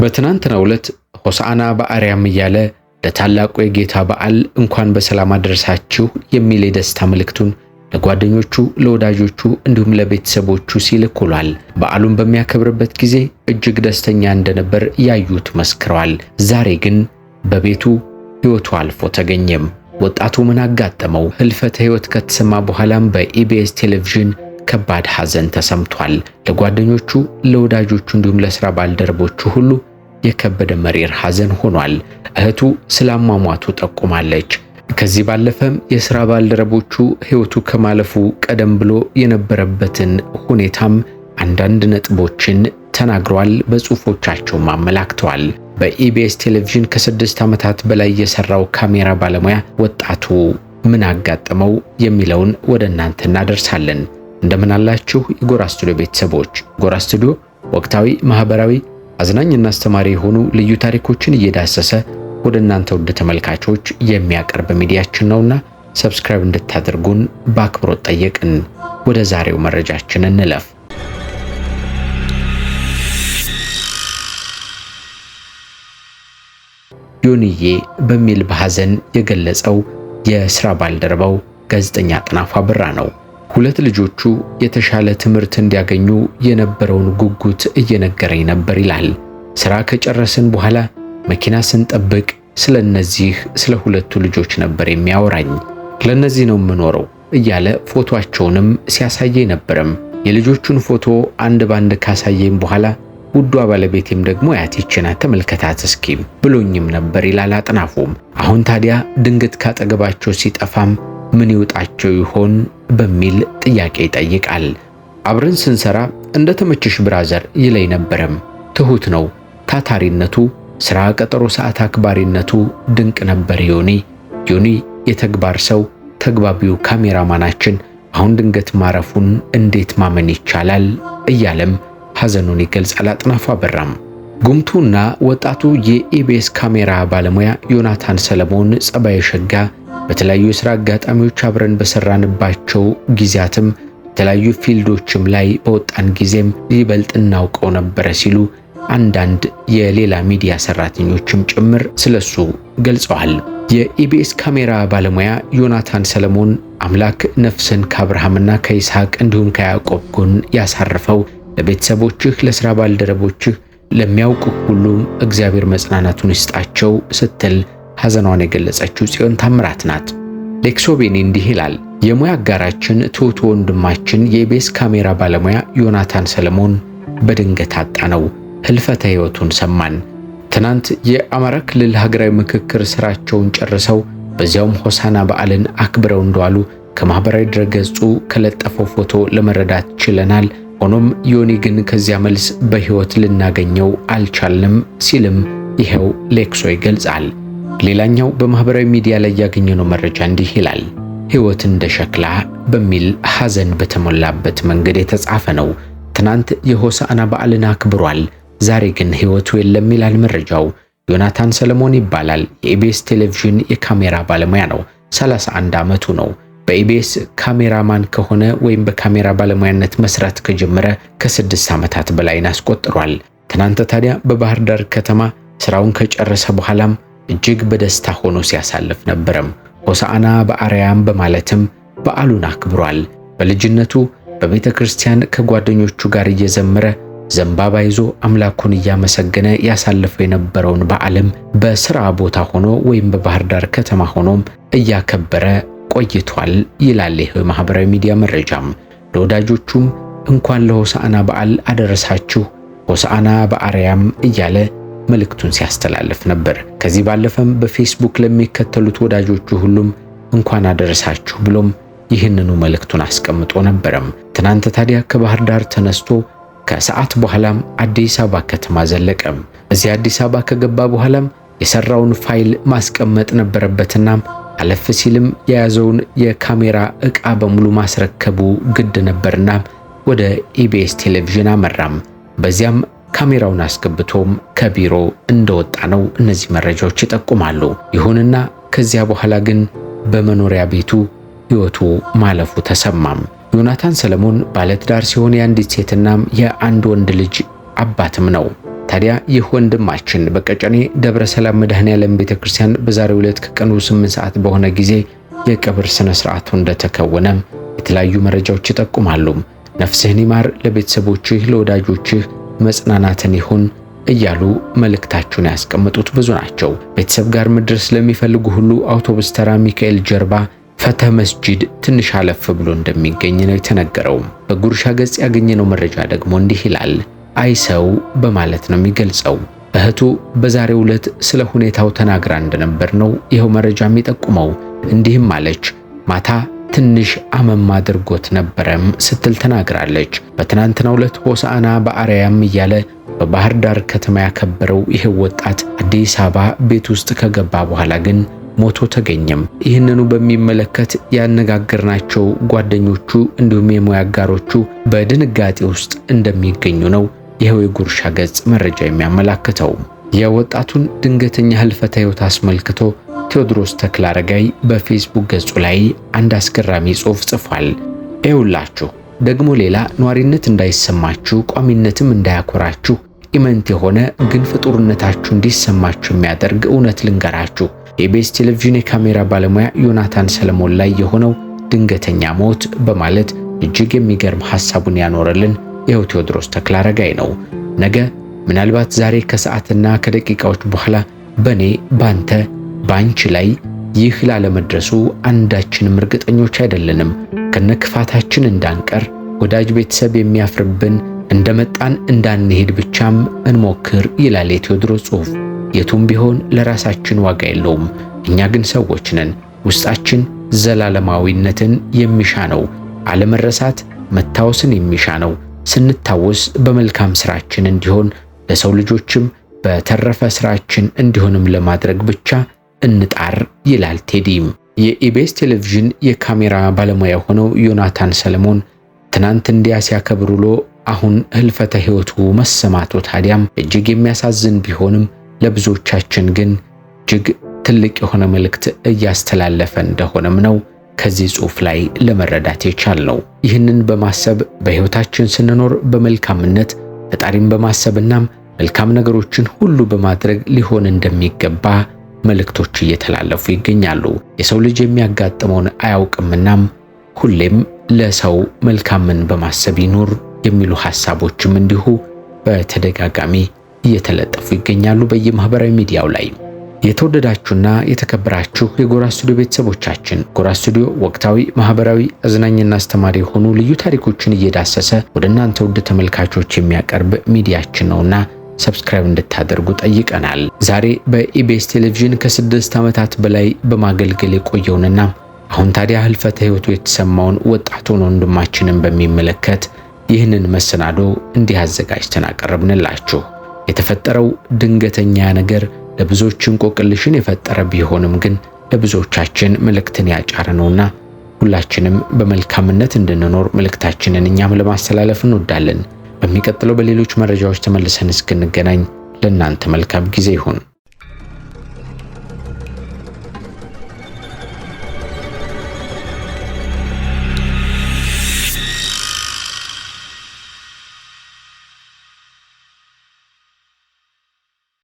በትናንትናው ዕለት ሆሳዕና በአርያም እያለ ለታላቁ የጌታ በዓል እንኳን በሰላም አደረሳችሁ የሚል የደስታ ምልክቱን ለጓደኞቹ፣ ለወዳጆቹ እንዲሁም ለቤተሰቦቹ ሲል ኩሏል። በዓሉን በሚያከብርበት ጊዜ እጅግ ደስተኛ እንደነበር ያዩት መስክረዋል። ዛሬ ግን በቤቱ ሕይወቱ አልፎ ተገኘም። ወጣቱ ምን አጋጠመው? ህልፈተ ሕይወት ከተሰማ በኋላም በኢቢኤስ ቴሌቪዥን ከባድ ሐዘን ተሰምቷል። ለጓደኞቹ፣ ለወዳጆቹ እንዲሁም ለሥራ ባልደረቦቹ ሁሉ የከበደ መሪር ሐዘን ሆኗል። እህቱ ስላሟሟቱ ጠቁማለች። ከዚህ ባለፈም የሥራ ባልደረቦቹ ሕይወቱ ከማለፉ ቀደም ብሎ የነበረበትን ሁኔታም አንዳንድ ነጥቦችን ተናግሯል፣ በጽሑፎቻቸውም አመላክተዋል። በኢቢኤስ ቴሌቪዥን ከስድስት ዓመታት በላይ የሠራው ካሜራ ባለሙያ ወጣቱ ምን አጋጠመው የሚለውን ወደ እናንተ እናደርሳለን። እንደምን አላችሁ የጎራ ስቱዲዮ ቤተሰቦች? ጎራ ስቱዲዮ ወቅታዊ፣ ማኅበራዊ አዝናኝና አስተማሪ የሆኑ ልዩ ታሪኮችን እየዳሰሰ ወደ እናንተ ውድ ተመልካቾች የሚያቀርብ ሚዲያችን ነውና ሰብስክራይብ እንድታደርጉን በአክብሮት ጠየቅን። ወደ ዛሬው መረጃችን እንለፍ። ዮንዬ በሚል በሐዘን የገለጸው የስራ ባልደረባው ጋዜጠኛ አጥናፉ አብራ ነው። ሁለት ልጆቹ የተሻለ ትምህርት እንዲያገኙ የነበረውን ጉጉት እየነገረኝ ነበር ይላል። ስራ ከጨረስን በኋላ መኪና ስንጠብቅ ስለ እነዚህ ስለ ሁለቱ ልጆች ነበር የሚያወራኝ። ለእነዚህ ነው የምኖረው እያለ ፎቶአቸውንም ሲያሳየኝ ነበረም። የልጆቹን ፎቶ አንድ ባንድ ካሳየኝ በኋላ ውዷ ባለቤቴም ደግሞ ያቲችና ተመልከታት እስኪ ብሎኝም ነበር ይላል አጥናፉም። አሁን ታዲያ ድንገት ካጠገባቸው ሲጠፋም ምን ይውጣቸው ይሆን በሚል ጥያቄ ይጠይቃል። አብረን ስንሰራ እንደ ተመችሽ ብራዘር ይለይ ነበረም። ትሁት ነው። ታታሪነቱ፣ ስራ ቀጠሮ፣ ሰዓት አክባሪነቱ ድንቅ ነበር። ዮኒ ዮኒ የተግባር ሰው ተግባቢው ካሜራማናችን አሁን ድንገት ማረፉን እንዴት ማመን ይቻላል? እያለም ሐዘኑን ይገልጻል። አጥናፉ አበራም ጉምቱና ወጣቱ የኢቢኤስ ካሜራ ባለሙያ ዮናታን ሰለሞን ጸባይ ሸጋ በተለያዩ የስራ አጋጣሚዎች አብረን በሰራንባቸው ጊዜያትም የተለያዩ ፊልዶችም ላይ በወጣን ጊዜም ይበልጥ እናውቀው ነበረ ሲሉ አንዳንድ የሌላ ሚዲያ ሰራተኞችም ጭምር ስለሱ ገልጸዋል። የኢቢኤስ ካሜራ ባለሙያ ዮናታን ሰለሞን አምላክ ነፍስን ከአብርሃምና ከይስሐቅ እንዲሁም ከያዕቆብ ጎን ያሳርፈው ለቤተሰቦችህ፣ ለሥራ ባልደረቦችህ፣ ለሚያውቁ ሁሉም እግዚአብሔር መጽናናቱን ይስጣቸው ስትል ሐዘኗን የገለጸችው ጽዮን ታምራት ናት። ሌክሶቤኒ እንዲህ ይላል። የሙያ አጋራችን ትሁት ወንድማችን የኢቢኤስ ካሜራ ባለሙያ ዮናታን ሰለሞን በድንገት አጣ ነው። ህልፈተ ሕይወቱን ሰማን። ትናንት የአማራ ክልል ሀገራዊ ምክክር ስራቸውን ጨርሰው በዚያውም ሆሳና በዓልን አክብረው እንደዋሉ ከማኅበራዊ ድረገጹ ከለጠፈው ፎቶ ለመረዳት ችለናል። ሆኖም ዮኒ ግን ከዚያ መልስ በሕይወት ልናገኘው አልቻልንም ሲልም ይኸው ሌክሶ ይገልጻል። ሌላኛው በማህበራዊ ሚዲያ ላይ ያገኘነው መረጃ እንዲህ ይላል። ህይወት እንደ ሸክላ በሚል ሐዘን በተሞላበት መንገድ የተጻፈ ነው። ትናንት የሆሳዕና በዓልን አክብሯል፣ ዛሬ ግን ህይወቱ የለም ይላል መረጃው። ዮናታን ሰለሞን ይባላል። የኢቢኤስ ቴሌቪዥን የካሜራ ባለሙያ ነው። 31 ዓመቱ ነው። በኢቢኤስ ካሜራማን ከሆነ ወይም በካሜራ ባለሙያነት መስራት ከጀመረ ከስድስት ዓመታት በላይን አስቆጥሯል። ትናንት ታዲያ በባህር ዳር ከተማ ስራውን ከጨረሰ በኋላም እጅግ በደስታ ሆኖ ሲያሳልፍ ነበረም። ሆሳዕና በአርያም በማለትም በዓሉን አክብሯል። በልጅነቱ በቤተ ክርስቲያን ከጓደኞቹ ጋር እየዘመረ ዘንባባ ይዞ አምላኩን እያመሰገነ ያሳልፈው የነበረውን በዓልም በስራ ቦታ ሆኖ ወይም በባህር ዳር ከተማ ሆኖም እያከበረ ቆይቷል ይላል ይህ ማህበራዊ ሚዲያ መረጃም። ለወዳጆቹም እንኳን ለሆሳዕና በዓል አደረሳችሁ፣ ሆሳዕና በአርያም እያለ መልእክቱን ሲያስተላልፍ ነበር። ከዚህ ባለፈም በፌስቡክ ለሚከተሉት ወዳጆቹ ሁሉም እንኳን አደረሳችሁ ብሎም ይህንኑ መልእክቱን አስቀምጦ ነበረም። ትናንት ታዲያ ከባህር ዳር ተነስቶ ከሰዓት በኋላም አዲስ አበባ ከተማ ዘለቀም። እዚህ አዲስ አበባ ከገባ በኋላም የሰራውን ፋይል ማስቀመጥ ነበረበትና አለፍ ሲልም የያዘውን የካሜራ ዕቃ በሙሉ ማስረከቡ ግድ ነበርና ወደ ኢቢኤስ ቴሌቪዥን አመራም። በዚያም ካሜራውን አስገብቶም ከቢሮ እንደወጣ ነው እነዚህ መረጃዎች ይጠቁማሉ። ይሁንና ከዚያ በኋላ ግን በመኖሪያ ቤቱ ሕይወቱ ማለፉ ተሰማም። ዮናታን ሰለሞን ባለትዳር ሲሆን የአንዲት ሴትናም የአንድ ወንድ ልጅ አባትም ነው። ታዲያ ይህ ወንድማችን በቀጨኔ ደብረ ሰላም መድኃኔዓለም ቤተክርስቲያን በዛሬው ዕለት ከቀኑ 8 ሰዓት በሆነ ጊዜ የቀብር ስነ ስርዓቱ እንደተከወነም የተለያዩ መረጃዎች ይጠቁማሉ። ነፍስህን ይማር፣ ለቤተሰቦችህ ለወዳጆችህ መጽናናትን ይሁን እያሉ መልእክታቸውን ያስቀመጡት ብዙ ናቸው። ቤተሰብ ጋር መድረስ ለሚፈልጉ ሁሉ አውቶቡስ ተራ ሚካኤል ጀርባ ፈተህ መስጂድ ትንሽ አለፍ ብሎ እንደሚገኝ ነው የተነገረው። በጉርሻ ገጽ ያገኘነው መረጃ ደግሞ እንዲህ ይላል። አይሰው በማለት ነው የሚገልጸው። እህቱ በዛሬው ዕለት ስለ ሁኔታው ተናግራ እንደነበር ነው ይኸው መረጃ የሚጠቁመው። እንዲህም አለች ማታ ትንሽ አመም አድርጎት ነበረም ስትል ተናግራለች። በትናንትናው ዕለት ሆሳዕና በአርያም እያለ በባህር ዳር ከተማ ያከበረው ይህ ወጣት አዲስ አበባ ቤት ውስጥ ከገባ በኋላ ግን ሞቶ ተገኘም። ይህንኑ በሚመለከት ያነጋገርናቸው ጓደኞቹ እንዲሁም የሙያ አጋሮቹ በድንጋጤ ውስጥ እንደሚገኙ ነው ይኸው የጉርሻ ገጽ መረጃ የሚያመላክተው። የወጣቱን ድንገተኛ ህልፈተ ህይወት አስመልክቶ ቴዎድሮስ ተክለ አረጋይ በፌስቡክ ገጹ ላይ አንድ አስገራሚ ጽሑፍ ጽፏል። ይውላችሁ ደግሞ ሌላ ኗሪነት እንዳይሰማችሁ ቋሚነትም እንዳያኮራችሁ ኢመንት የሆነ ግን ፍጡርነታችሁ እንዲሰማችሁ የሚያደርግ እውነት ልንገራችሁ። የኢቢኤስ ቴሌቪዥን የካሜራ ባለሙያ ዮናታን ሰለሞን ላይ የሆነው ድንገተኛ ሞት በማለት እጅግ የሚገርም ሐሳቡን ያኖረልን ይኸው ቴዎድሮስ ተክለ አረጋይ ነው። ነገ ምናልባት ዛሬ ከሰዓትና ከደቂቃዎች በኋላ በኔ ባንተ ባንቺ ላይ ይህ ላለመድረሱ አንዳችንም እርግጠኞች አይደለንም። ከነክፋታችን እንዳንቀር ወዳጅ ቤተሰብ የሚያፍርብን እንደመጣን እንዳንሄድ ብቻም እንሞክር ይላል የቴዎድሮስ ጽሑፍ። የቱም ቢሆን ለራሳችን ዋጋ የለውም። እኛ ግን ሰዎች ነን። ውስጣችን ዘላለማዊነትን የሚሻ ነው። አለመረሳት መታወስን የሚሻ ነው። ስንታወስ በመልካም ስራችን እንዲሆን ለሰው ልጆችም በተረፈ ስራችን እንዲሆንም ለማድረግ ብቻ እንጣር ይላል ቴዲም። የኢቤስ ቴሌቪዥን የካሜራ ባለሙያ የሆነው ዮናታን ሰለሞን ትናንት እንዲያ ሲያከብር ውሎ አሁን ህልፈተ ህይወቱ መሰማቱ ታዲያም እጅግ የሚያሳዝን ቢሆንም ለብዙዎቻችን ግን እጅግ ትልቅ የሆነ መልእክት እያስተላለፈ እንደሆነም ነው ከዚህ ጽሑፍ ላይ ለመረዳት የቻል ነው። ይህንን በማሰብ በህይወታችን ስንኖር በመልካምነት ፈጣሪን በማሰብና መልካም ነገሮችን ሁሉ በማድረግ ሊሆን እንደሚገባ መልእክቶች እየተላለፉ ይገኛሉ። የሰው ልጅ የሚያጋጥመውን አያውቅምናም ሁሌም ለሰው መልካምን በማሰብ ይኑር የሚሉ ሐሳቦችም እንዲሁ በተደጋጋሚ እየተለጠፉ ይገኛሉ በየማህበራዊ ሚዲያው ላይ። የተወደዳችሁና የተከበራችሁ የጎራ ስቱዲዮ ቤተሰቦቻችን ጎራ ስቱዲዮ ወቅታዊ፣ ማህበራዊ፣ አዝናኝና አስተማሪ የሆኑ ልዩ ታሪኮችን እየዳሰሰ ወደ እናንተ ውድ ተመልካቾች የሚያቀርብ ሚዲያችን ነውና ሰብስክራይብ እንድታደርጉ ጠይቀናል። ዛሬ በኢቢኤስ ቴሌቪዥን ከስድስት ዓመታት በላይ በማገልገል የቆየውንና አሁን ታዲያ ህልፈተ ህይወቱ የተሰማውን ወጣቱን ወንድማችንን በሚመለከት ይህንን መሰናዶ እንዲህ አዘጋጅተን አቀረብንላችሁ። የተፈጠረው ድንገተኛ ነገር ለብዙዎች እንቆቅልሽን የፈጠረ ቢሆንም ግን ለብዙዎቻችን መልእክትን ያጫረ ነውና ሁላችንም በመልካምነት እንድንኖር መልእክታችንን እኛም ለማስተላለፍ እንወዳለን። በሚቀጥለው በሌሎች መረጃዎች ተመልሰን እስክንገናኝ ለእናንተ መልካም ጊዜ ይሁን።